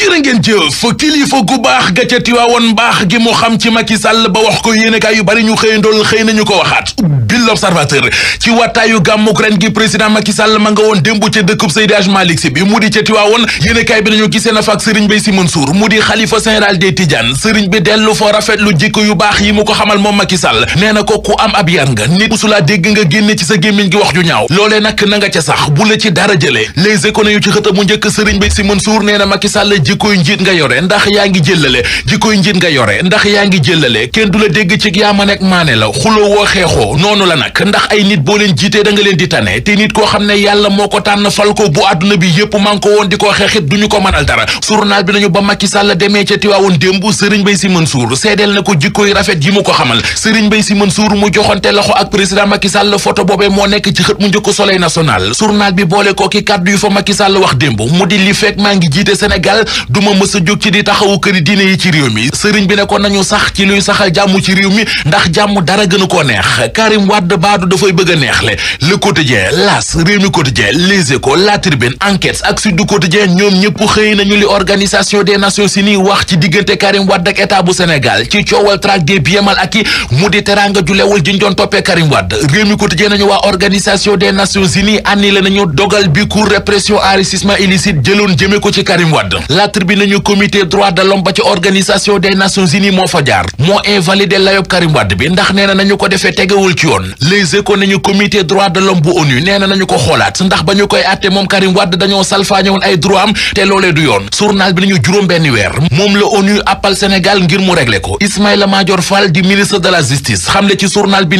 jërë ngeen jëf kilifa gu baax ga ca Tiwaawoon mbaax gi mu xam ci Macky Sall ba wax ko yéenekaay yu bari ñu xëyandool xëy nañu ko waxaat bi l'observateur ci wattaayu gàmmuk ren gi président Macky Sall ma nga woon démb ca dëkkub Seydi Hadj Malick Sy bi mu di ca Tiwaawoon yéenekaay bi nañu gisee na fa ak Serigne Baye Sy Mansour mu di xalifa général des Tidianes Serigne bi dellu foo rafetlu jikko yu baax yi mu ko xamal moom Macky Sall nee na ko ku am ab yar nga nit musula dégg nga génne ci sa gémmiñ gi wax ju ñaaw loolee nag na nga ca sax bu la ci dara jëlee les économies yu mu njëkk Serigne Baye Sy Mansour nee na Macky Sall jikkoy njiit nga yore ndax yaa ngi jëllale jikkoy njiit nga yore ndax yaa ngi jëllale kenn du la dégg ci yaa ma nekk maane la xuloo woo xeexoo noonu la nag ndax ay nit boo leen jiitee da nga leen di tane te nit koo xam ne yàlla moo ko tànn fal ko bu àdduna bi yëpp maa ngi ko woon di ko xeexit duñu ko mënal dara journal bi nañu ba Macky Sall demee ca Tiwaawoon démb bay si man Mansour seedeel na ko jikkoy rafet yi mu ko xamal Serigne Mbaye Sy Mansour mu joxante loxo ak président Macky Sall photo boobee moo nekk ci xët mu njëkk Soleil national journal bi boole ko ki kàddu yu fa Macky Sall wax démb mu di li maa ngi jiite Sénégal du ma mës a jóg ci di taxawu këri diine yi ci réew mi sëriñ bi nekkoon ko nañu sax ci luy saxal jàmm ci réew mi ndax jàmm dara gën a koo neex Karim baa baadu dafay bëgg a neexle le quotidien las réew mi quotidien les échos la tribune enquête ak sud du quotidien ñoom ñëpp xëy nañu li organisation des nations unies wax ci diggante Karim Wade ak état bu Sénégal ci coowal traque des biens mal acquis mu di teraanga ju lewul ji ñu doon toppee Karim Wade réew mi nañu waa organisation des nations unies annulé nañu dogal bi cour répression enrichissement illicite jëloon jëmee ko ci Karim Wade la l'observateur bi nañu comité droit de l'homme ba ci organisation des nations unies moo fa jaar moo invalidé layob Karim Wade bi ndax nee nañu ko defee tegewul ci yoon Les Échos nañu comité droit de l'homme bu ONU nee na nañu ko xoolaat ndax ba ñu koy àtte moom Karim Wade dañoo salfaañewoon ay droit am te loolee yoon journal bi nañu juróom benn weer moom la ONU appal Sénégal ngir mu régler ko Ismaïla Madior Fall di ministre de la justice xamle ci journal bi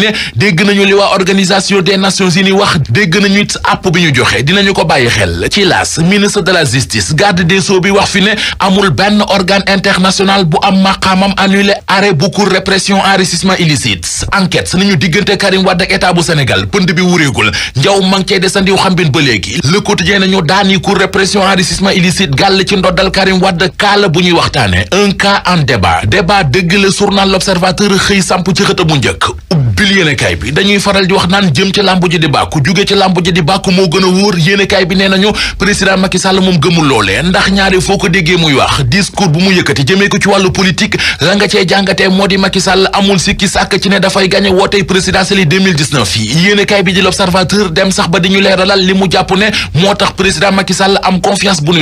si amul benn organe international bu am maqaamam annulé arrêt bu cour répression enrichissement illicite enquête nañu diggante Karim Wade ak état bu Sénégal pënd bi wuréegul njaw ma ngi cey desandiw xambin ba léegi Le Quotidien nañu daani cour répression enrichissement illicite gàll ci ndoddal Karim Wade kaala bu ñuy waxtaane un cas en débat débat dëgg la journal L'Observateur xëy samp ci xët bu njëkk ubbil yéenekaay bi dañuy faral di wax naan jëm ci làmb ji di bàkku jóge ci làmb ji di bàkku moo gën a wóor yéenekaay bi nee nañu président Macky Sall moom gëmul loolee ndax ñaari foo ko déggee muy wax discours bu mu yëkkati jëmee ko ci wàllu politique la nga cee jàngatee moo di Macky amul sikki sàkk ci ne dafay gagné wootey présidentielle yéenekaay bi di l'observateur dem sax ba di ñu leeralal li mu jàpp ne moo tax président Macky am confiance bu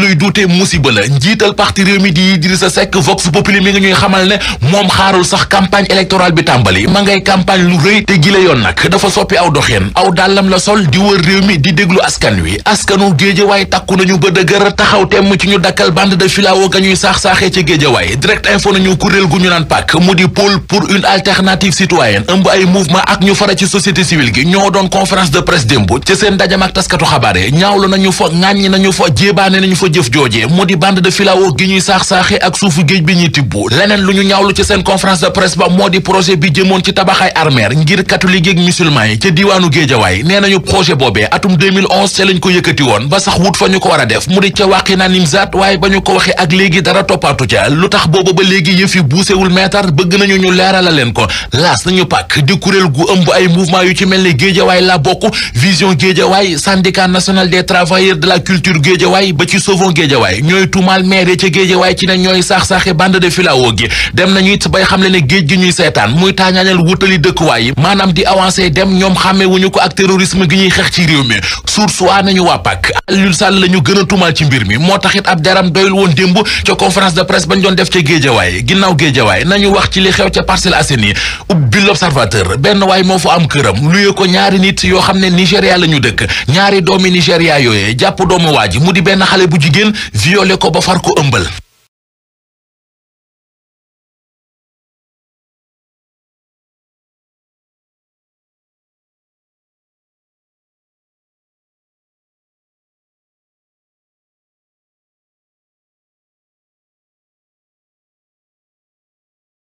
ñu njiital parti réew mi di sa Seck Vox Populi mi ngi ñuy xamal ne moom xaarul sax campagne électorale bi tàmbali ma ngay campagne lu rëy te gile yoon nag dafa soppi aw doxeen aw dàllam la sol di wër réew mi di déglu askan wi askanu géejawaay takku nañu ba dëgër taxaw temm ci ñu dakkal bande de filao ga ñuy saax-saaxee ci géejawaay direct info nañu kuréel gu ñu naan PAC mu di pôle pour une alternative citoyenne ëmb ay mouvement ak ñu fara ci société ñoo doon conférence de presse démb ci seen dajam ak taskatu xabaare ñaawlu nañu fa nañu fa jéebaane nañu fa jëf joojee bande de filao gi ñuy saax-saaxe ak suufu géej bi ñuy tibbu leneen lu ñu ñaawlu ci seen conférence de presse ba moo di projet bi jëmoon ci tabaxay armeer ngir catholique yeeg musulman ca diiwaanu géejawaay nee nañu projet boobee atum ca lañ ko yëkkati woon ba sax wut fa ñu ko war a def mu di ca wàqi naa waaye ba ñu ko waxee ak léegi dara toppaatu ca lu tax booba ba léegi yëf buusewul meetar bëgg nañu ñu leerala ko laas nañu pàkk di kuréel gu yu ci mel ne la bokk vision géejawaay syndicat national des travailleurs de la culture géejawaay tuumaal maire ca Géejawaay ci ne ñooy saax-saaxe bande de filao gi dem nañu it bay xam ne géej gi ñuy seetaan muy taañaañal wutali dëkkuwaay yi maanaam di avancé dem ñoom xàmmee wuñu ko ak terrorisme gi ñuy xeex ci réew mi source nañu waa PAK Aliou Sall a tuumaal ci mbir mi moo taxit ab jaram doyul woon démb ca conférence de presse bañ doon def ca Géejawaay ginnaaw Géejawaay nañu wax ci li xew ca Parcelles Assainies ubbi l'Observateur benn am këram luyee ko ñaari yoo xam ne Nigéria la ñu dëkk ñaari doomi Nigéria yooyee jàpp doomu waa ji mu di benn xale bu jigéen ba far ko ëmbal